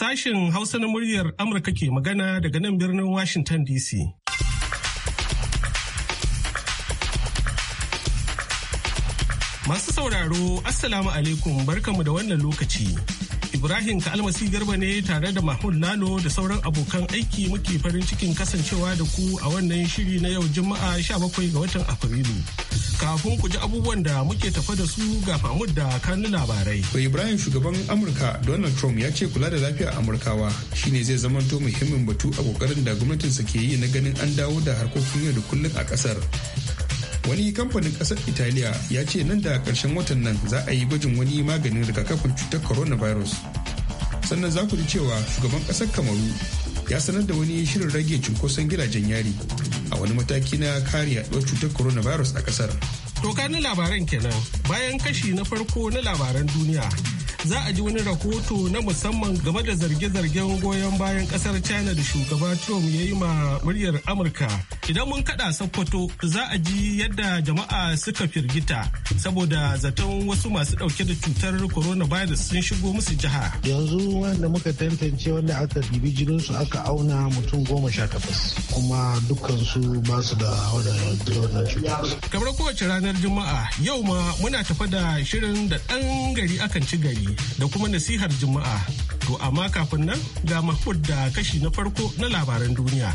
Sashen Hausa na muryar Amurka ke magana daga nan birnin Washington DC. Masu sauraro, Assalamu alaikum barkamu da wannan lokaci. Ibrahim Kalmasi Garba ne tare da Mahmud Lalo da sauran abokan aiki muke farin cikin kasancewa da ku a wannan shiri na yau Juma'a 17 ga watan Afrilu. Kafin ku ji abubuwan da muke tafa da su ga Mahmud da kan labarai. Ibrahim shugaban Amurka Donald Trump ya ce kula da lafiyar Amurkawa shine zai zamanto muhimmin batu a kokarin da gwamnatinsa ke yi na ganin an dawo da harkokin yau da kullum a kasar. wani kamfanin kasar italiya ya ce nan da karshen watan nan za a yi gwajin wani maganin rigakafin cutar coronavirus sannan za ku ji cewa shugaban kasar kamaru ya sanar da wani shirin rage cunkoson gidajen yari a wani mataki na kare yaduwar cutar coronavirus a kasar toka na labaran kenan bayan kashi na farko na labaran duniya za a ji wani rahoto na musamman game da zarge-zargen goyon bayan kasar china da shugaba trump ya yi ma muryar amurka Idan mun kada Sokoto za a ji yadda jama'a suka firgita saboda zaton wasu masu dauke da cutar coronavirus sun shigo musu jiha. Yanzu wanda muka tantance wanda aka bibi su aka auna mutum goma sha takwas kuma dukkansu ba su da wannan cutar. Kamar kowace ranar Juma'a yau ma muna tafa da shirin da ɗan gari akan ci gari da kuma nasihar Juma'a. To amma kafin nan ga Mahmud da kashi na farko na labaran duniya.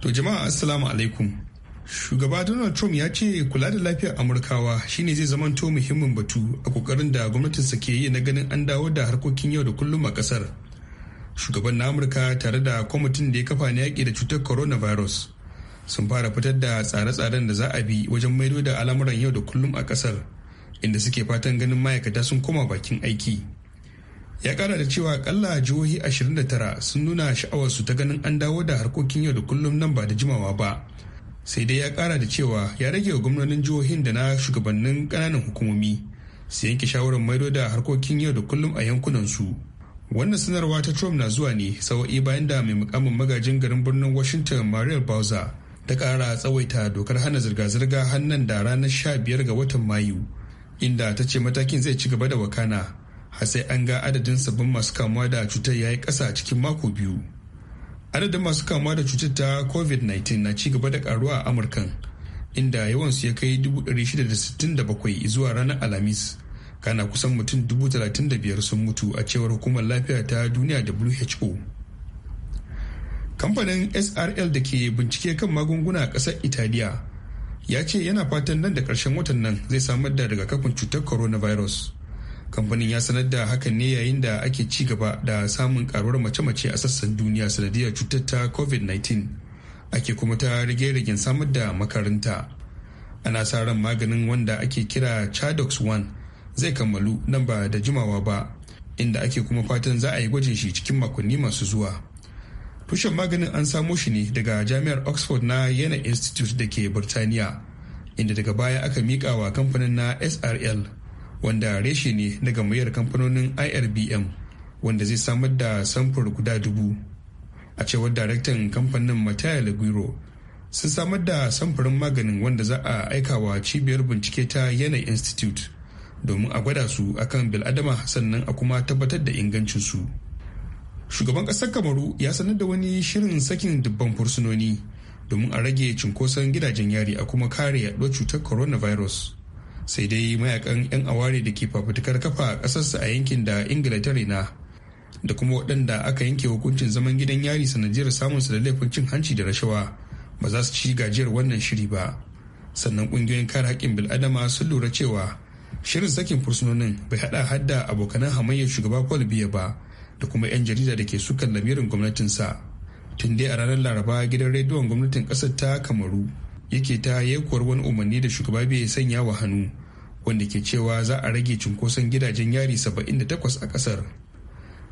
To jama'a assalamu alaikum. Shugaba Donald Trump ya ce kula da lafiyar Amurkawa shine zai zamanto muhimmin batu a kokarin da gwamnatinsa ke yi na ganin an dawo da harkokin yau da kullum a kasar. Shugaban na Amurka tare da kwamitin da ya kafa na yaƙi da cutar coronavirus sun fara fitar da tsare-tsaren da za a bi wajen maido da al'amuran yau da kullum a kasar inda suke fatan ganin ma'aikata sun koma bakin aiki. ya kara da cewa akalla jihohi 29 sun nuna sha'awarsu ta ganin an dawo da harkokin yau da kullum nan ba da jimawa ba sai dai ya kara da cewa ya rage wa gwamnonin jihohin da na shugabannin kananan hukumomi su yanke shawarar maido da harkokin yau da kullum a yankunan su wannan sanarwa ta trump na zuwa ne sawa'i bayan da mai mukamin magajin garin birnin washington mariel bowser ta kara tsawaita dokar hana zirga-zirga hannun da ranar 15 ga watan mayu inda ta ce matakin zai ci gaba da wakana har sai an ga adadin sabbin masu kamuwa da cutar ya yi ƙasa cikin mako biyu adadin masu kamuwa da cutar ta covid-19 na ci gaba da karuwa a amurkan inda yawansu ya kai 667 zuwa ranar alhamis kana kusan mutum 35,000 sun mutu a cewar hukumar lafiya ta duniya who kamfanin srl da ke bincike kan magunguna a ƙasar italiya ya ce yana fatan nan da ƙarshen watan nan zai samar da rigakafin cutar coronavirus kamfanin ya sanar da hakan ne yayin da ake ci gaba da samun karuwar mace-mace a sassan duniya sanadiyar cutar ta covid-19 ake kuma ta rage-ragen samar da makaranta ana sa ran maganin wanda ake kira chadox 1 zai kammalu nan ba da jimawa ba inda ake kuma fatan za a yi gwajin shi cikin makonni masu zuwa tushen maganin an samo shi ne daga jami'ar oxford na yana institute da ke birtaniya inda daga baya aka miƙa wa kamfanin na srl wanda reshe ne na gamayyar kamfanonin irbm wanda zai samar da samfur guda dubu a cewar daraktan kamfanin mataya laguiro sun samar da samfurin maganin wanda za a aikawa cibiyar bincike ta yanayi institute domin a gwada su akan biladama sannan a kuma tabbatar da ingancinsu shugaban ƙasar kamaru ya sanar da wani shirin sakin dubban fursunoni domin a rage cunkoson gidajen yari a kuma kare yaɗuwar cutar coronavirus sai dai mayakan 'yan aware da ke fafutukar kafa a ƙasarsa a yankin da ingila ta rena da kuma waɗanda aka yanke hukuncin zaman gidan yari sanadiyar su da laifin cin hanci da rashawa ba za su ci gajiyar wannan shiri ba sannan ƙungiyoyin kare haƙƙin bil'adama sun lura cewa shirin sakin fursunonin bai haɗa hadda abokanan hamayyar shugaba paul biya ba da kuma 'yan jarida da ke sukan lamirin gwamnatinsa tun dai a ranar laraba gidan rediyon gwamnatin ƙasar ta kamaru yake ta yankuwar wani umarni da shugaba bai sanya wa hannu wanda ke cewa za a rage cunkoson gidajen yari 78 a kasar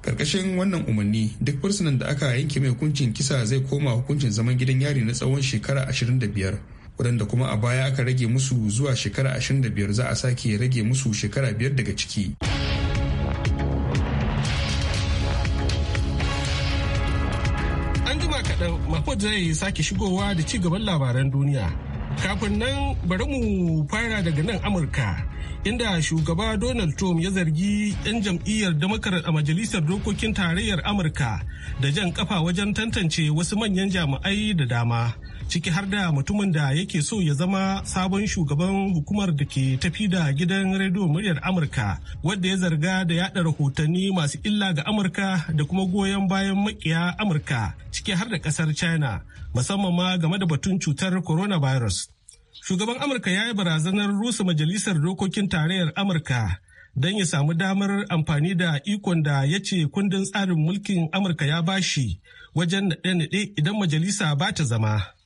karkashin wannan umarni duk fursunan da aka yanke mai hukuncin kisa zai koma hukuncin zaman gidan yari na tsawon shekara 25 wadanda kuma a baya aka rage musu zuwa shekara 25 za a sake rage musu shekara biyar daga ciki. Mahmud zai sake shigowa da ci gaban labaran duniya. Kafin nan bari mu fara daga nan Amurka, inda shugaba Donald Trump ya zargi 'yan jam'iyyar Democrat a Majalisar Dokokin Tarayyar Amurka da jan kafa wajen tantance wasu manyan jami'ai da dama. ciki har da mutumin da yake so ya zama sabon shugaban hukumar da ke tafi da gidan rediyo muryar amurka wadda ya zarga da yada rahotanni masu illa ga amurka da kuma goyon bayan makiya amurka ciki har da kasar china musamman ma game da batun cutar coronavirus shugaban amurka ya yi barazanar rusa majalisar dokokin tarayyar amurka don ya samu damar amfani da ikon da ya ce kundin tsarin mulkin amurka ya bashi wajen naɗe-naɗe idan majalisa ba ta zama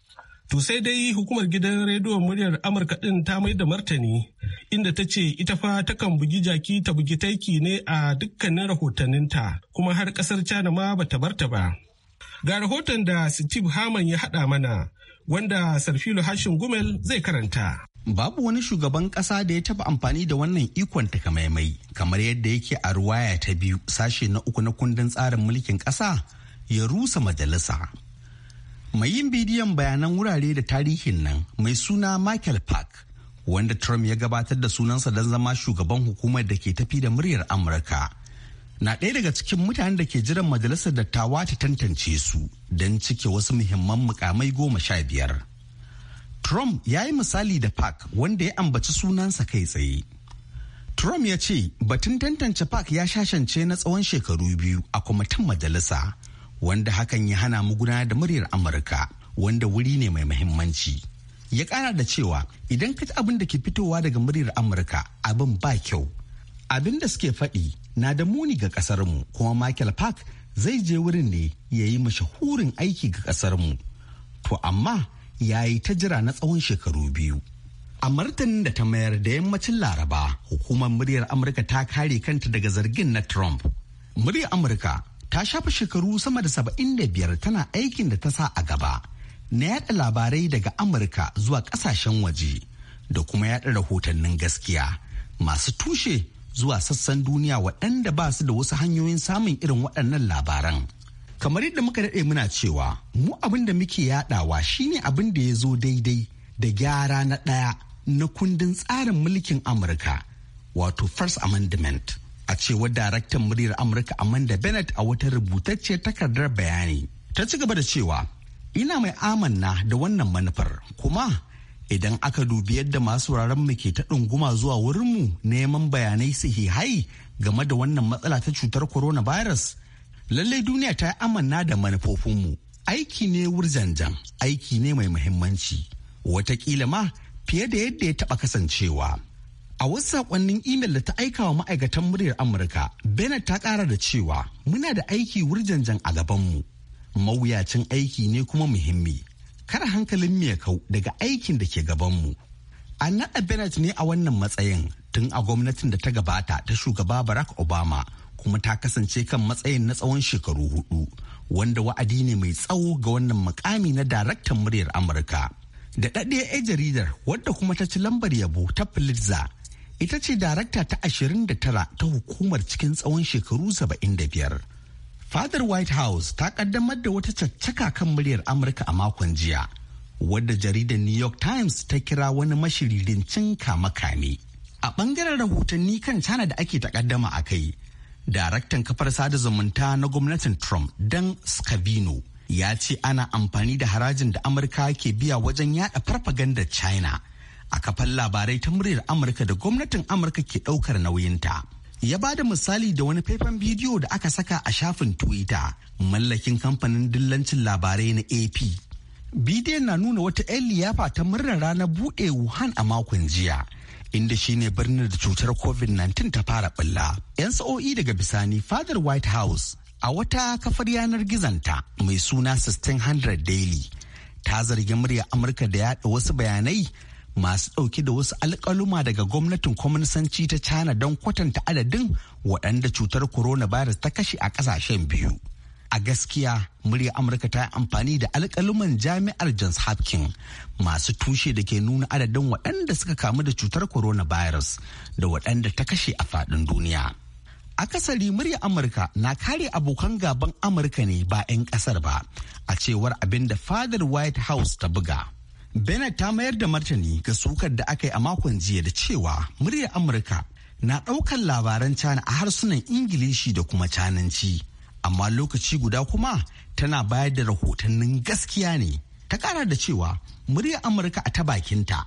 To sai dai hukumar gidan rediyon muryar Amurka ɗin ta mai da martani inda ta ce ita fa takan bugi jaki ta bugi taiki ne a dukkanin rahotanninta kuma har ƙasar China ma bata barta ba. Ga rahoton da Steve Haman ya haɗa mana wanda Sarfilu Hashin Gumel zai karanta. Babu wani shugaban ƙasa da ya taɓa amfani da wannan ikon takamaimai kamar yadda yake a ruwaya ta biyu sashe na uku na kundin tsarin mulkin ƙasa ya rusa majalisa Mai yin bidiyon bayanan wurare da tarihin nan mai suna Michael Park, wanda Trump ya gabatar da sunansa don zama shugaban hukumar da ke tafi da muryar Amurka. Na ɗaya daga cikin mutanen da ke jiran majalisar dattawa ta tantance su don cike wasu muhimman mukamai goma sha biyar. Trump ya yi misali da Park wanda ya ambaci sunansa kai tsaye. Trump ya ce batun tantance Park ya shashance na tsawon shekaru biyu a kwamitin majalisa. wanda hakan ya hana mu gudanar da muryar amurka wanda wuri ne mai muhimmanci ya kara da cewa idan ka ci abin da ke fitowa daga muryar amurka abin ba kyau abin da suke faɗi na da muni ga ƙasarmu kuma michael park zai je wurin ne ya yi mashahurin aiki ga ƙasarmu to amma ya yi ta jira na tsawon shekaru biyu a martanin da ta mayar da yammacin laraba hukumar muryar amurka ta kare kanta daga zargin na trump muryar amurka ta shafa shekaru sama da saba'in da biyar tana aikin da ta sa a gaba na yada labarai daga amurka zuwa kasashen waje da kuma yada rahotannin gaskiya masu tushe zuwa sassan duniya waɗanda ba su da wasu hanyoyin samun irin waɗannan labaran kamar yadda muka daɗe muna cewa mu abin da muke yadawa shine abin da ya zo daidai da gyara na ɗaya na kundin tsarin mulkin amurka wato first amendment a cewar daraktan muryar amurka amanda bennett a wata rubutacciyar takardar bayani ta ci gaba da cewa ina mai amanna da wannan manufar kuma idan aka dubi yadda masu mu ke ta ɗunguma zuwa wurinmu neman bayanai sahihai game da wannan matsala ta cutar coronavirus lallai duniya ta yi amanna da manufofinmu aiki ne wurzanjan aiki ne mai muhimmanci watakila ma fiye da yadda ya taɓa kasancewa. A wasu sakonnin imel da ta aika wa ma'aikatan muryar Amurka, Bennett ta ƙara da cewa muna da aiki wurjanjan a gabanmu. Mawuyacin aiki ne kuma muhimmi. Kar hankalin mu ya kau daga aikin da ke gabanmu. An naɗa Bennett ne a wannan matsayin tun a gwamnatin da ta gabata ta shugaba Barack Obama kuma ta kasance kan matsayin na tsawon shekaru hudu wanda wa'adi ne mai tsawo ga wannan mukami na daraktan muryar Amurka. Da ɗaɗɗe 'yan jaridar wadda kuma ta ci lambar yabo ta Pulitzer ita ce darakta ta 29 ta hukumar cikin tsawon shekaru 75. Fadar White House ta kaddamar da wata caccaka kan muryar Amurka a makon jiya, wadda jaridar New York Times ta kira wani mashiririncin kamakami A bangaren rahotanni kan cana da ake takaddama a kai, daraktan kafar sada zumunta na gwamnatin Trump Dan Scavino ya ce ana amfani da harajin da Amurka ke biya wajen yada farfaganda China. a kafan labarai ta muryar Amurka da gwamnatin Amurka ke ɗaukar nauyinta. Ya ba da misali da wani faifan bidiyo da aka saka a shafin Twitter mallakin kamfanin dillancin labarai na AP. Bidiyon na nuna wata 'yan liyafa ta murnar ranar buɗe Wuhan a makon jiya. inda shine birnin da cutar covid-19 ta fara bulla. 'yan sa'o'i daga bisani fadar white house a wata kafar yanar gizonta mai suna 1600 daily ta zargi murya amurka da yaɗa wasu bayanai masu ɗauke da wasu alƙaluma daga gwamnatin kwamnisanci ta China don kwatanta adadin waɗanda cutar corona virus ta kashe a ƙasashen biyu. A gaskiya, murya Amurka ta yi amfani da alƙaluman jami'ar Johns Hopkins masu tushe da ke nuna adadin waɗanda suka kamu da cutar corona coronavirus da waɗanda ta kashe a faɗin duniya. akasari murya amurka na kare abokan gaban amurka ne ba 'yan ƙasar ba a cewar abin da fadar white house ta buga Bennett ta mayar da martani ga sukar da aka yi a makon jiya da cewa muryar Amurka na ɗaukan labaran Cana a harsunan Ingilishi da kuma Cananci. Amma lokaci guda kuma tana bayar da rahotannin gaskiya ne. Ta ƙara da cewa muryar Amurka a ta bakinta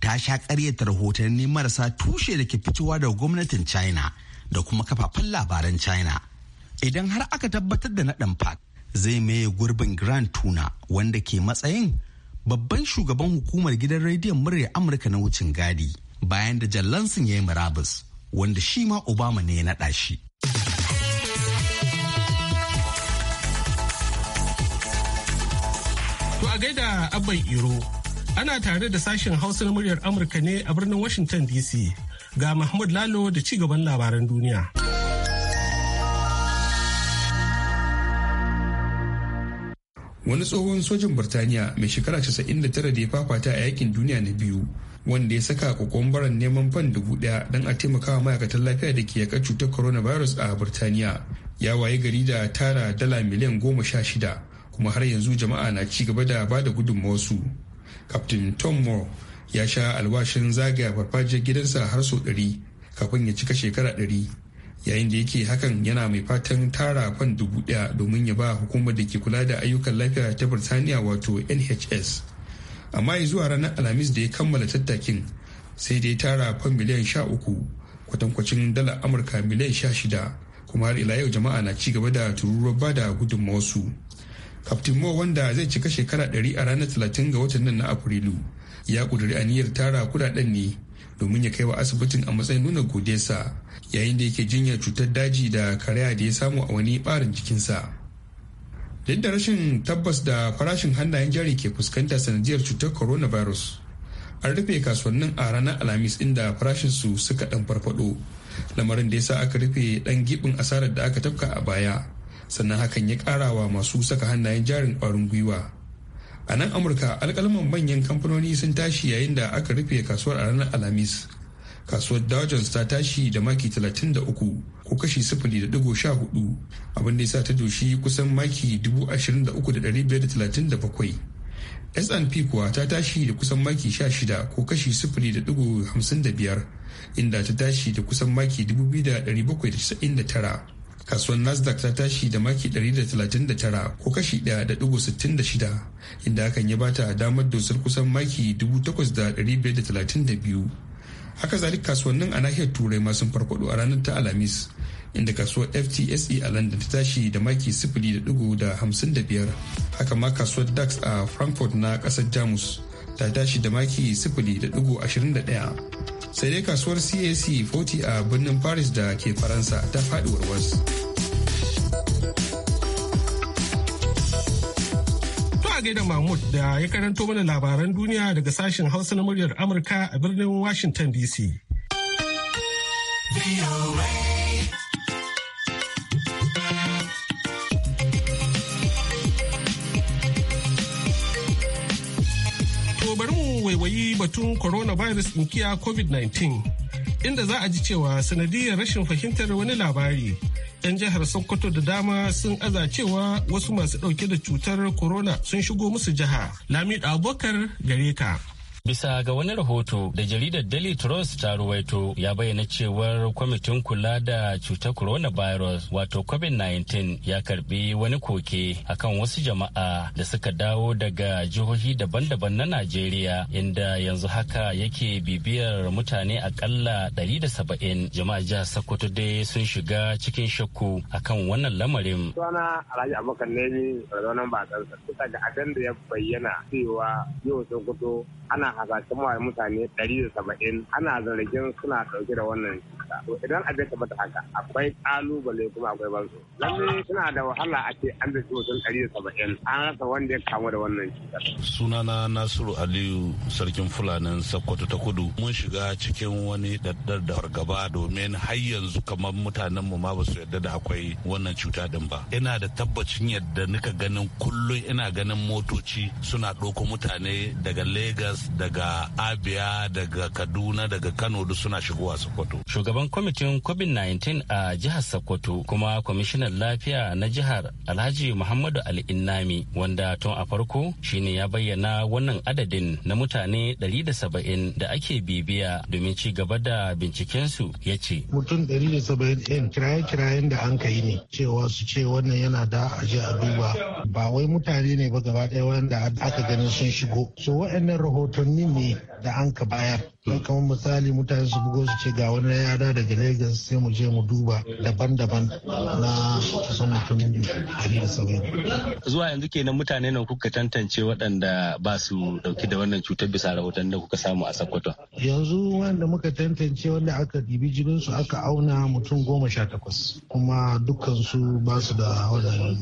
ta sha ƙaryata rahotanni marasa tushe da ke fitowa daga gwamnatin China da kuma kafafen labaran China. Idan har aka tabbatar da naɗin Park zai maye gurbin Grand Tuna wanda ke matsayin babban shugaban hukumar gidan rediyon murya amurka na wucin gadi bayan da jallansin ya yi murabus wanda shi ma obama ne ya naɗa shi to a gaida abban iro ana tare da sashen hausa na muryar amurka ne a birnin washington dc ga mahmud lalo da ci gaban labaran duniya. wani tsohon sojin birtaniya mai shekara 99 da ya fafata a yakin duniya na biyu wanda ya saka kokombaran neman fan dubu daya don a taimakawa ma'aikatan lafiya da ke yaka cutar coronavirus a birtaniya ya waye gari da tara dala miliyan goma sha shida kuma har yanzu jama'a na ci gaba da ba da gudunmawarsu captain tom moore ya sha alwashin zagaya farfajiyar gidansa har sau ɗari kafin ya cika shekara ɗari yayin da yake hakan yana mai fatan tara fan dubu daya domin ya ba hukumar da ke kula da ayyukan lafiya ta birtaniya wato nhs amma zuwa ranar alhamis da ya kammala tattakin sai dai tara fan miliyan sha uku kwatankwacin dalar amurka miliyan sha shida kuma har ila yau jama'a na ci gaba da tururuwar bada gudunmawarsu kaftin mo wanda zai cika shekara ɗari a ranar talatin ga watan nan na afrilu ya kuduri aniyar tara kudaden ne domin ya kai wa asibitin a matsayin nuna godiyarsa yayin da yake jinyar cutar daji da karaya da ya samu a wani barin jikinsa duk da rashin tabbas da farashin hannayen jari ke fuskanta sanadiyar cutar coronavirus an rufe kasuwannin a ranar alhamis inda farashin su suka dan farfado lamarin da ya sa aka rufe dan gibin asarar da aka tafka a baya sannan hakan ya kara wa masu saka hannayen jarin kwarin gwiwa a nan amurka alkalman manyan kamfanoni sun tashi yayin da aka rufe kasuwar a ranar alhamis kasuwar dow jones ta tashi da maki 33 ko kashi 0.14 abin da ya sa ta doshi kusan maki 23,537 S&P kuwa ta tashi da kusan maki 16 ko kashi 0.55 inda ta tashi da kusan maki 2,799 kasuwar nasdaq ta tashi da maki 139 ko kashi 1.66 inda hakan ya bata damar dosar kusan maki 8,532 haka zalik kasuwannin a nahiyar turai masu farkwado a ranar ta alhamis inda kasuwar ftse a london ta tashi da maki 0.55 haka ma kasuwar dax a frankfurt na kasar jamus ta tashi da maki 0.21 sai dai kasuwar cac 40 a birnin paris da ke faransa ta faɗi warwas gaida mahmud da ya karanto mana labaran duniya daga sashen hausa na muryar amurka a birnin washington dc batun coronavirus kiya covid-19 inda za a ji cewa sanadiyar rashin fahimtar wani labari 'yan jihar sokoto da dama sun aza cewa wasu masu dauke da cutar corona sun shigo musu jiha lamid abokar gare ka Bisa ga wani rahoto da jaridar Daily Trust ta ruwaito ya bayyana cewar kwamitin kula da cutar coronavirus wato COVID-19 ya karbi wani koke akan wasu jama'a da suka dawo daga jihohi daban-daban na Najeriya inda yanzu haka yake bibiyar mutane akalla 170 jama'a jihar Sokoto dai sun shiga cikin shakku akan wannan lamarin. Suna Alhaji Abubakar ne ne ba ga abin da ya bayyana cewa yau Sokoto ana hasashen mutane 170 ana zargin suna ɗauke da wannan haka to idan abin ka mata haka akwai kalubale kuma akwai banzo lalle suna da wahala a ce an da mutum ɗari da saba'in an rasa wanda ya kamu da wannan cutar. sunana nasiru aliyu sarkin fulanin sakkwato ta kudu mun shiga cikin wani daddar da fargaba domin har yanzu kamar mutanen mu ma ba su yarda da akwai wannan cuta din ba ina da tabbacin yadda nika ganin kullum ina ganin motoci suna ɗauko mutane daga lagos daga abia daga kaduna daga kano duk suna shigowa sokoto shugaban shugaban kwamitin covid-19 a jihar sokoto kuma kwamishinan lafiya na jihar alhaji muhammadu al'innami wanda tun a farko shine ya bayyana wannan adadin na mutane 170 da ake bibiya domin ci gaba da bincikensu ya ce mutum 170 kiraye-kirayen da an kai ne cewa su ce wannan yana da aji a duba ba wai mutane ne ba gaba ɗaya wanda aka ganin sun shigo so waɗannan rahotanni ne da an ka bayar don kamar misali mutane su bugo su ce ga wani yada daga lagos sai mu je mu duba daban-daban na kusan mutum da sauran zuwa yanzu kenan mutane nan kuka tantance waɗanda ba su dauki da wannan cutar bisa rahoton da kuka samu a sokoto yanzu wanda muka tantance wanda aka ɗibi jinin su aka auna mutum goma sha takwas kuma dukkan su ba su da wannan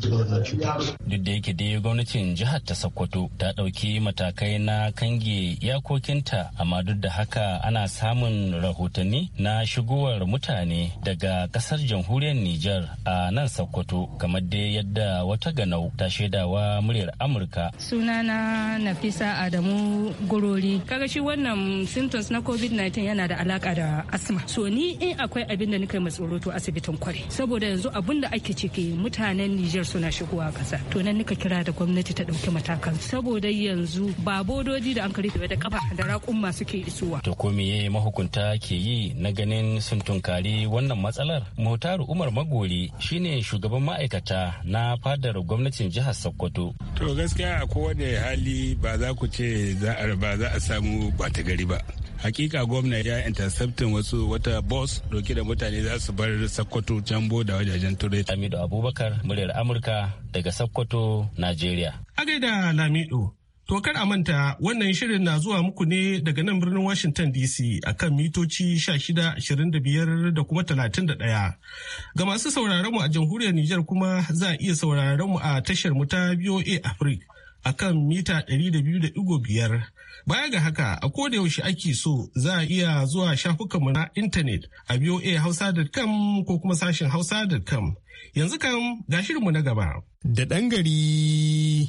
cutar duk da yake dai gwamnatin jihar ta sokoto ta ɗauki matakai na kange iyakokin gabata amma duk da haka ana samun rahotanni na shigowar mutane daga kasar jamhuriyar Nijar a nan Sokoto kamar dai yadda wata ganau ta shaidawa muryar Amurka. Sunana Nafisa Adamu Gurori. Kaga shi wannan symptoms na COVID-19 yana da alaka da asma. So ni in akwai abin da nika mai tsoro to asibitin kwari. Saboda yanzu abin da ake ciki mutanen Nijar suna shigowa kasa. To nan nika kira da gwamnati ta dauki matakan. Saboda yanzu ba bododi da an karfe da kafa da raƙumma suke isowa. To ko meye mahukunta ke yi na ganin sun tunkari wannan matsalar? motar Umar Magori shine shugaban ma'aikata na fadar gwamnatin jihar Sokoto. To gaskiya a kowane hali ba za ku ce za a samu bata gari ba. hakika gwamna ya intercepting wasu wata bus doki da mutane za su bar sakkwato jambo da wajajen turai lamido abubakar muryar amurka daga sakkwato najeriya. a gaida lamido To kar a manta wannan shirin na zuwa muku ne daga nan birnin Washington DC a kan mitoci 1625 da kuma 31. Ga masu sauraron mu a jamhuriyar Nijar kuma za a iya sauraron mu a tashar mu ta BOA Africa a kan mita 200.5. Baya ga haka a koda yaushe ake so za a iya zuwa shafukanmu na intanet a BOA boahausa.com ko kuma sashin hausa.com. Yanzu kam ga shirinmu na gaba. Da ɗangari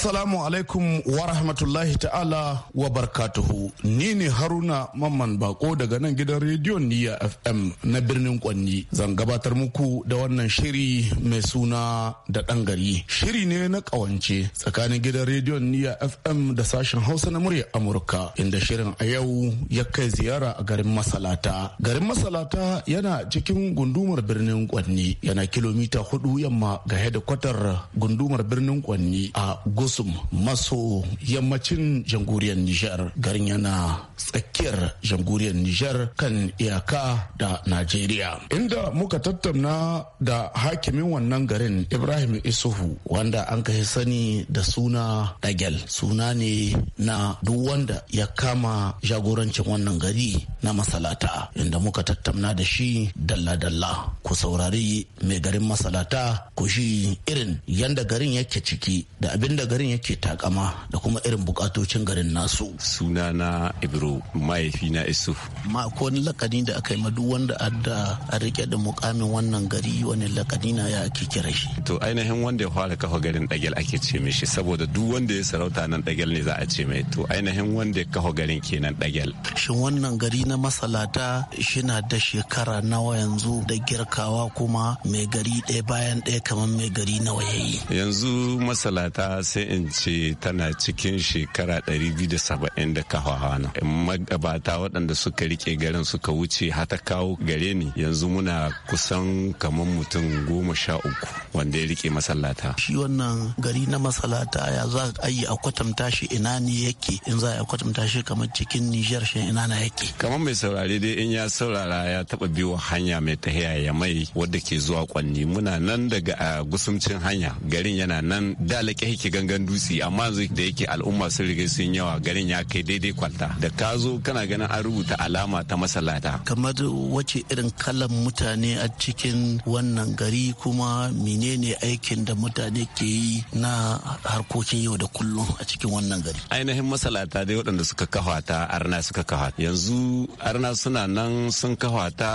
Assalamu alaikum wa rahmatullahi ta'ala wa barkatuhu. Ni ne Haruna Mamman Bako daga nan gidan rediyon Niyya FM na birnin Kwanni. Zan gabatar muku da wannan shiri mai suna da ɗan gari. Shiri ne na ƙawance tsakanin gidan rediyon Niyya FM da sashen Hausa na murya Amurka inda shirin a yau ya kai ziyara a garin Masalata. Garin Masalata yana cikin gundumar birnin Kwanni yana kilomita hudu yamma ga hedikwatar gundumar birnin Kwanni a Gus Kusum maso yammacin jamhuriyar Nijar garin yana tsakiyar jamhuriyar Nijar kan iyaka da Najeriya. Inda muka tattauna da hakimin wannan garin Ibrahim Isuhu wanda an kai sani da suna Dagel. Suna ne na duk wanda ya kama jagorancin wannan gari na masalata inda muka tattauna da shi dalla-dalla. Ku saurari mai garin masalata ku shi irin yanda garin yake ciki da abin da garin yake takama da kuma irin bukatocin garin nasu suna na ibro mahaifi na isu ma wani lakani da aka yi ma duk wanda adda a rike da mukamin wannan gari wani lakani na ya ake kira shi to ainihin wanda ya fara kafa garin dagel ake ce mishi saboda duk wanda ya sarauta nan dagel ne za a ce mai to ainihin wanda ya kafa garin kenan dagel shin wannan gari na masalata shina da shekara nawa yanzu da girkawa kuma mai gari ɗaya bayan ɗaya kamar mai gari nawa yayi yanzu masalata sai in ce tana cikin shekara 270 da kafa na magabata waɗanda suka rike garin suka wuce hata kawo gare ni yanzu muna kusan kamar mutum goma sha uku wanda ya rike masallata shi wannan gari na masallata ya za a yi a kwatanta shi ina ne yake in za a kwatanta shi kamar cikin nijar shi ina na yake kamar mai saurare dai in ya saurara ya taba biyo hanya mai tahiya ya mai wadda ke zuwa kwanni muna nan daga gusumcin hanya garin yana nan da alaƙe gangan dan dutse amma yanzu da yake al'umma sun riga sun yawa ganin ya kai daidai kwalta da ka zo kana ganin an rubuta alama ta masallata kamar wace irin kalan mutane a cikin wannan gari kuma menene aikin da mutane ke yi na harkokin yau da kullum a cikin wannan gari ainihin masalata dai waɗanda suka kafa ta arna suka kafa yanzu arna suna nan sun kafa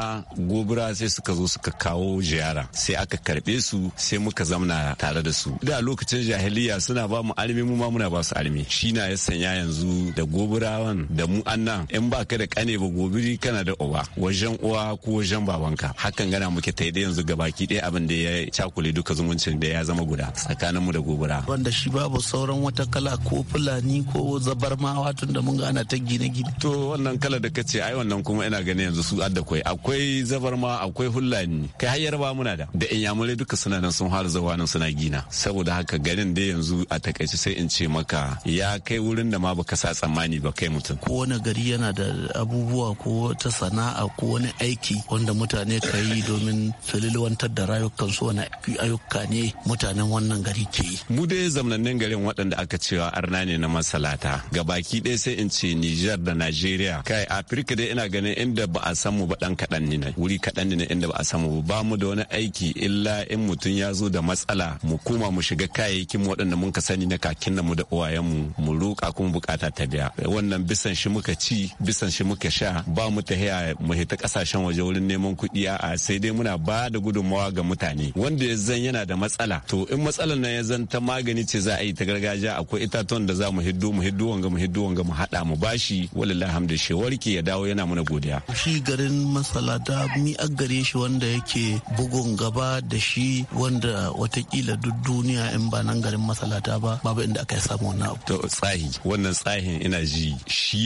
gobara sai suka zo suka kawo ziyara sai aka karbe su sai muka zamna tare da su da lokacin jahiliya suna ba ba mu almi mu ma muna ba su alimi. shi na ya sanya yanzu da goburawan da mu annan in ba ka da kane ba gobiri kana da uba wajen uwa ko wajen babanka hakan gana muke ta yanzu gabaki ɗaya abin da ya cakule duka zumuncin da ya zama guda tsakanin mu da gobura wanda shi babu sauran wata kala ko fulani ko zabarmawa tun da mun ga ana ta gine-gine to wannan kala da kace ai wannan kuma ina ganin yanzu su adda koi akwai zabarma akwai hulani kai har yarba muna da da inyamurai duka suna nan sun har zawa suna gina saboda haka garin da yanzu a takaice sai in ce maka ya kai wurin da ma baka sa tsammani ba kai mutum ko wani gari yana da abubuwa ko ta sana'a ko wani aiki wanda mutane ka yi domin fililwantar da su wani ayyuka ne mutanen wannan gari ke yi mu dai zamanannin garin waɗanda aka cewa arna ne na masalata ga baki ɗaya sai in ce nijar da najeriya kai afirka dai ina ganin inda ba a samu ba ɗan kaɗan ne wuri kaɗan ne inda ba a samu ba mu da wani aiki illa in mutum ya zo da matsala mu koma mu shiga kayayyakin waɗanda mun ka sani na kakin mu da uwayenmu mu roƙa kuma bukata ta biya wannan bisan shi muka ci bisan shi muka sha ba mu ta haya mu hita kasashen waje wurin neman kuɗi a sai dai muna ba da gudunmawa ga mutane wanda ya zan yana da matsala to in matsalar nan ya zan ta magani ce za a yi ta gargajiya akwai itatuwan da za mu hiddo mu hiddo wanga mu hiddo wanga mu haɗa mu bashi walillahi hamdu shi warke ya dawo yana mana godiya shi garin masalata mi a gare shi wanda yake bugun gaba da shi wanda watakila duk duniya in ba nan garin masalata gida ba babu inda aka samu wannan abu to tsahi wannan tsahin ina ji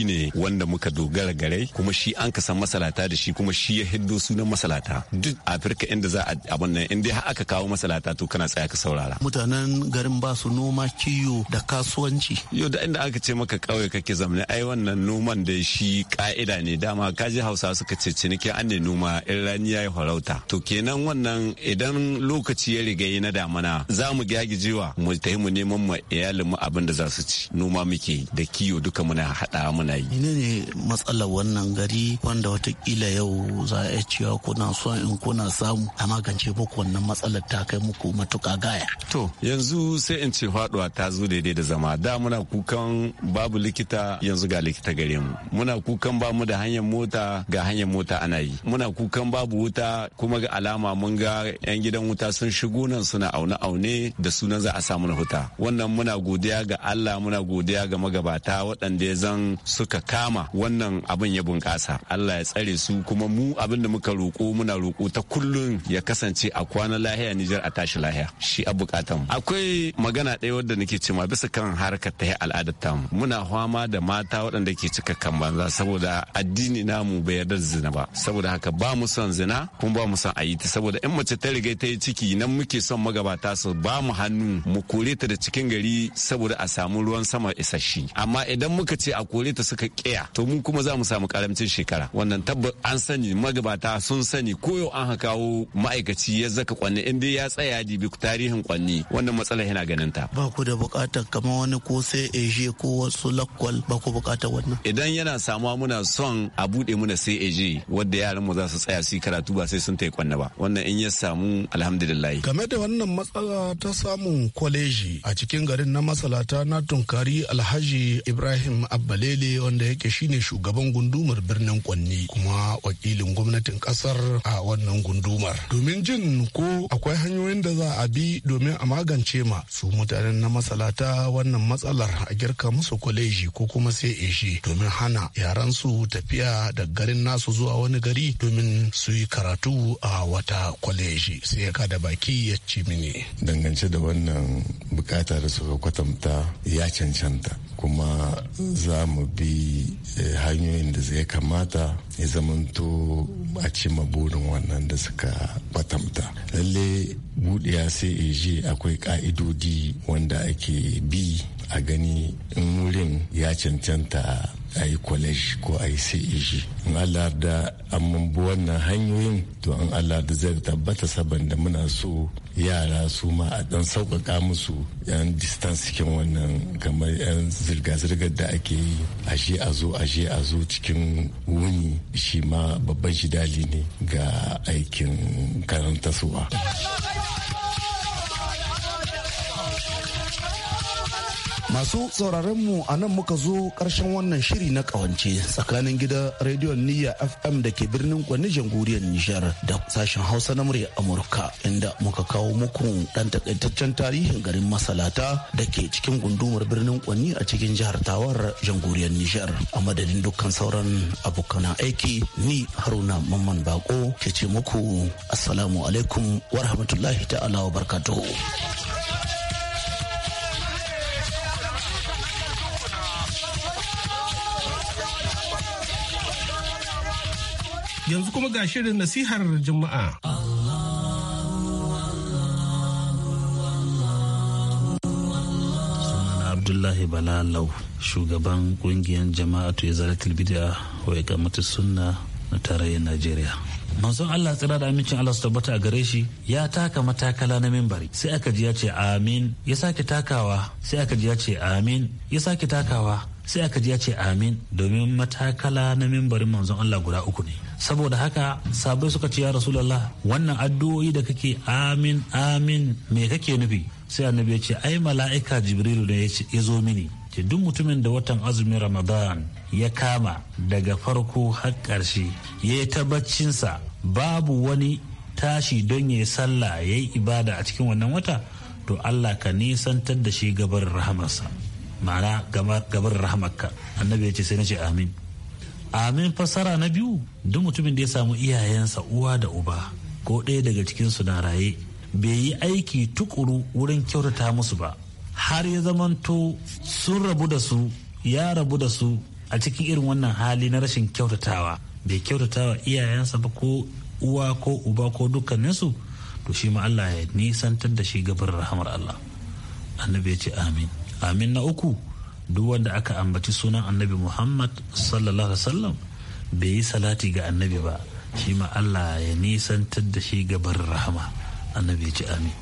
ne. wanda muka dogara gare kuma shi an ka san masalata da shi kuma shi ya hiddo sunan masalata duk afirka inda za a abin nan inda har aka kawo masalata to kana tsaya ka saurara mutanen garin ba su noma kiyo da kasuwanci yo da inda aka ce maka kauye kake zamne ai wannan noman da shi ka'ida ne dama kaji hausa suka ce ciniki an ne noma in rani yayi farauta to kenan wannan idan lokaci ya riga rigayi na damana za mu gyagijewa mu tafi mu neman ma iyalin mu abin da za su ci noma muke da kiyo duka muna haɗa muna yi ne ne matsalar wannan gari wanda watakila yau za a cewa kuna son in kuna samu a magance muku wannan matsalar ta kai muku matuka gaya to yanzu sai in ce faduwa ta zo daidai da zama da muna kukan babu likita yanzu ga likita gare mu muna kukan ba mu da hanyar mota ga hanyar mota ana yi muna kukan babu wuta kuma ga alama mun ga yan gidan wuta sun shigo nan suna aune aune da sunan za a samu na huta wannan muna godiya ga Allah muna godiya ga magabata waɗanda ya zan suka kama wannan abin ya bunƙasa Allah ya tsare su kuma mu abin da muka roƙo muna roƙo ta kullum ya kasance a kwana lahiya Nijar a tashi lahiya shi a bukatan akwai magana ɗaya wadda nake cewa bisa kan harkar ta al'adar tamu muna fama da mata waɗanda ke cika kan banza saboda addini namu bai yarda zina ba saboda haka ba mu son zina kuma ba mu son a yi ta saboda in mace ta riga ta yi ciki nan muke son magabata su ba mu hannu mu kore ta da cikin cikin gari saboda a samu ruwan sama isasshe amma idan muka ce a kore ta suka kiya to mu kuma za mu samu karamcin shekara wannan tabbas an sani magabata sun sani koyo an kawo ma'aikaci ya zaka kwanne in dai ya tsaya dibi tarihin kwanne wannan matsala yana ganin ta ba ku da bukatar kamar wani ko sai eje ko wasu lakwal ba ku bukatar wannan idan yana samuwa muna son a bude muna sai eje wanda yaran mu za su tsaya su karatu ba sai sun ta kwanne ba wannan in ya samu alhamdulillah game da wannan matsala ta samun kwaleji a cikin cikin garin na masalata na tunkari alhaji ibrahim abbalele wanda yake shine shugaban gundumar birnin kwanni kuma wakilin gwamnatin kasar a wannan gundumar domin jin ko akwai hanyoyin da za a bi domin a magance ma su mutanen na masalata wannan matsalar a girka musu kwaleji ko kuma sai ishi domin hana yaran su tafiya da garin nasu zuwa wani gari domin su yi karatu a wata kwaleji sai ya kada baki ya ci mini dangance da wannan bukata da suka kwatanta ya cancanta kuma za mu bi eh, hanyoyin da zai kamata ya zamanto a cima burin wannan da suka kwatanta lalle ya sai eji akwai ka'idodi wanda ake bi a gani in wurin ya cancanta a yi kwalej ko a yi ceg in allah da an wannan hanyoyin to in allah da zai tabbata saboda muna so yara su ma a dan sauƙaƙa musu yan distance cikin wannan kamar yan zirga-zirgar da ake yi ashe a zo ashe a zo cikin wuni shi ma babban shidali ne ga aikin karanta suwa. Masu mu a nan muka zo ƙarshen wannan shiri na ƙawance tsakanin gida rediyon niyya FM da ke birnin kwanni jamhuriyar Nijar da sashen Hausa na murya Amurka inda muka kawo muku ɗan takaitaccen tarihin garin Masalata da ke cikin gundumar birnin Gwani a cikin jihar Tawar jamhuriyar Nijar. A madadin dukkan sauran abokan aiki ni Haruna Mamman Bako ke ce muku Assalamu alaikum wa rahmatullahi ta'ala wa barakatuhu. Yanzu kuma ga shirin nasihar Juma'a. Abdullahi Balalau shugaban kungiyar jama'atu ya zara tilbida wa ya kamata sunna na tarayyar Najeriya. Manzon Allah tsira da amincin Allah su tabbata a gare shi ya taka matakala na mimbari sai aka ji ya ce amin ya sake takawa sai aka ji ya ce amin ya sake takawa sai aka ji ya ce amin domin matakala na mimbarin manzon Allah guda uku ne. saboda haka sabai suka ce ya rasulallah wannan addu'o'i da kake amin amin me kake nufi sai annabi ya ce ai mala'ika jibrilu da ya zo mini ce duk mutumin da watan azumin ramadan ya kama daga farko har ƙarshe ya yi ta baccinsa babu wani tashi don ya yi sallah ya yi ibada a cikin wannan wata to allah ka nisantar da shi gabar rahamarsa ma'ana gabar rahamarka annabi ya ce sai na ce amin amin fassara na biyu duk mutumin da ya samu iyayensa uwa da uba ko ɗaya daga cikinsu na raye bai yi aiki tukuru wurin kyautata musu ba har ya zamanto sun rabu da su ya rabu da su a cikin irin wannan hali na rashin kyautatawa bai kyautatawa iyayensa ba ko uwa ko uba ko dukkaninsu to shi ma Allah ya nisantar da shi gabar rahamar Allah annabi ya ce amin amin na uku duk wanda aka ambaci sunan annabi muhammad sallallahu alaihi wasallam bai yi salati ga annabi ba shi ma allah ya nisantar da shi gabar rahama annabi ya ci amin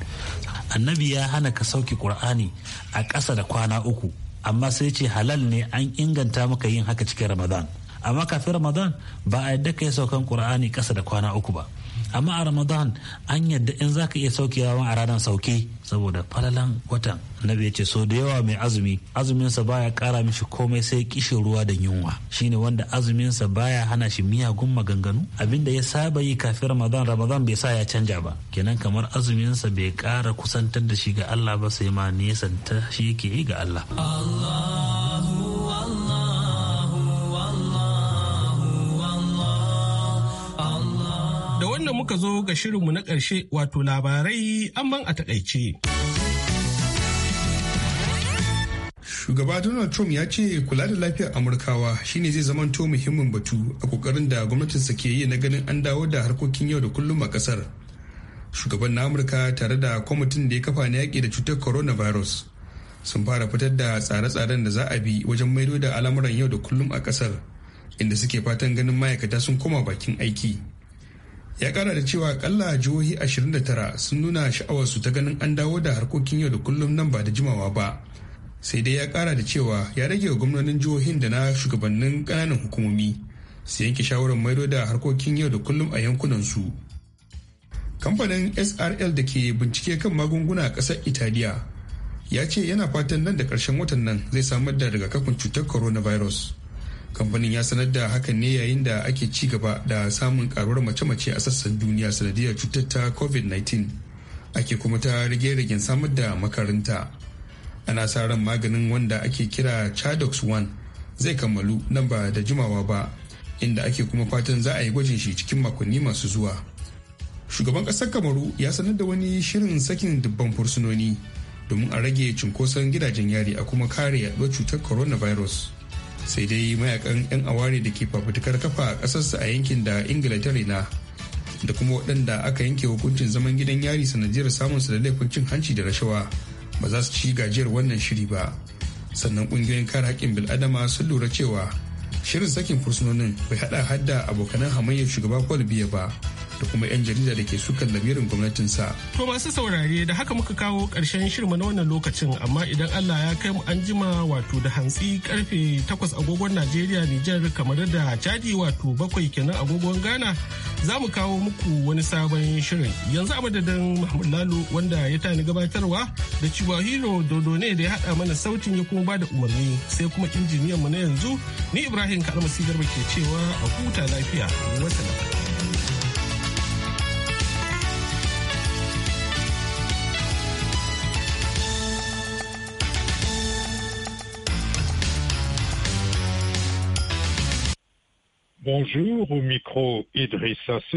annabi ya hana ka sauki qur'ani a ƙasa da kwana uku amma sai ce halal ne an inganta maka yin haka cikin ramadan amma kafin ramadan ba a yadda ka yi saukan qur'ani ƙasa da kwana uku ba amma a ramadan an yadda in za ka iya saukewa a ranar sauke saboda falalan watan na ya ce so da yawa mai azumi azuminsa baya kara mishi komai sai kishin ruwa da yunwa shine wanda azuminsa baya hana shi miyagun maganganu abinda ya saba yi kafin ramadan ramadan bai sa ya canja ba kenan kamar azuminsa bai kara kusantar da shi ga allah ba sai ma nesanta shi yake yi ga allah muka zo ga shirinmu na ƙarshe wato labarai amman a takaice. Shugaba Donald Trump ya ce kula da lafiyar Amurkawa shine zai zamanto muhimmin batu a kokarin da gwamnatinsa ke yi na ganin an dawo da harkokin yau da kullum a kasar. Shugaban na Amurka tare da kwamitin da ya kafa na yaƙi da cutar coronavirus sun fara fitar da tsare-tsaren da za a bi wajen maido da al'amuran yau da kullum a ƙasar, inda suke fatan ganin ma'aikata sun koma bakin aiki. ya kara da cewa akalla jihohi 29 sun nuna sha'awarsu ta ganin an dawo da harkokin yau da kullum nan ba da jimawa ba sai dai ya kara da cewa ya rage wa gwamnonin jihohin da na shugabannin kananan hukumomi su yanke shawarar maido da harkokin yau da kullum a yankunansu kamfanin srl da ke bincike kan magunguna a ƙasar italiya ya ce yana fatan nan da karshen watan nan zai samar da rigakafin cutar coronavirus kamfanin ya sanar da hakan ne yayin da ake ci gaba da samun karuwar mace-mace a sassan duniya sanadiyar cutar ta covid-19 ake kuma ta rage-ragen samar da makaranta ana sa ran maganin wanda ake kira chadox 1 zai kammalu nan ba da jimawa ba inda ake kuma fatan za a yi gwajin shi cikin makonni masu zuwa shugaban ƙasar kamaru ya sanar da wani shirin sakin dubban fursunoni domin a rage cunkoson gidajen yari a kuma kare yaduwar cutar coronavirus sai dai mayakan 'yan aware da ke fafutukar kafa a ƙasarsa a yankin da ingila ta rena da kuma waɗanda aka yanke hukuncin zaman gidan yari sanadiyar su da laifin cin hanci da rashawa ba za su ci gajiyar wannan shiri ba sannan ƙungiyoyin kare haƙƙin bil'adama sun lura cewa shirin sakin fursunonin bai haɗa hadda abokanan hamayyar shugaba paul biya ba da kuma 'yan jarida da ke sukan lamirin gwamnatinsa. To masu saurare da haka muka kawo ƙarshen shirma na wannan lokacin amma idan Allah ya kai mu an jima wato da hantsi karfe takwas agogon Najeriya Nijar kamar da Chadi wato bakwai kenan agogon Ghana za mu kawo muku wani sabon shirin yanzu a madadin Mahmud Lalo wanda ya tani gabatarwa da Chiba Hero Dodo ne da ya haɗa mana sautin ya kuma bada umarni sai kuma injiniyan mu na yanzu ni Ibrahim Kalmasi Garba ke cewa a huta lafiya lafiya. bonjour, au micro Idrissa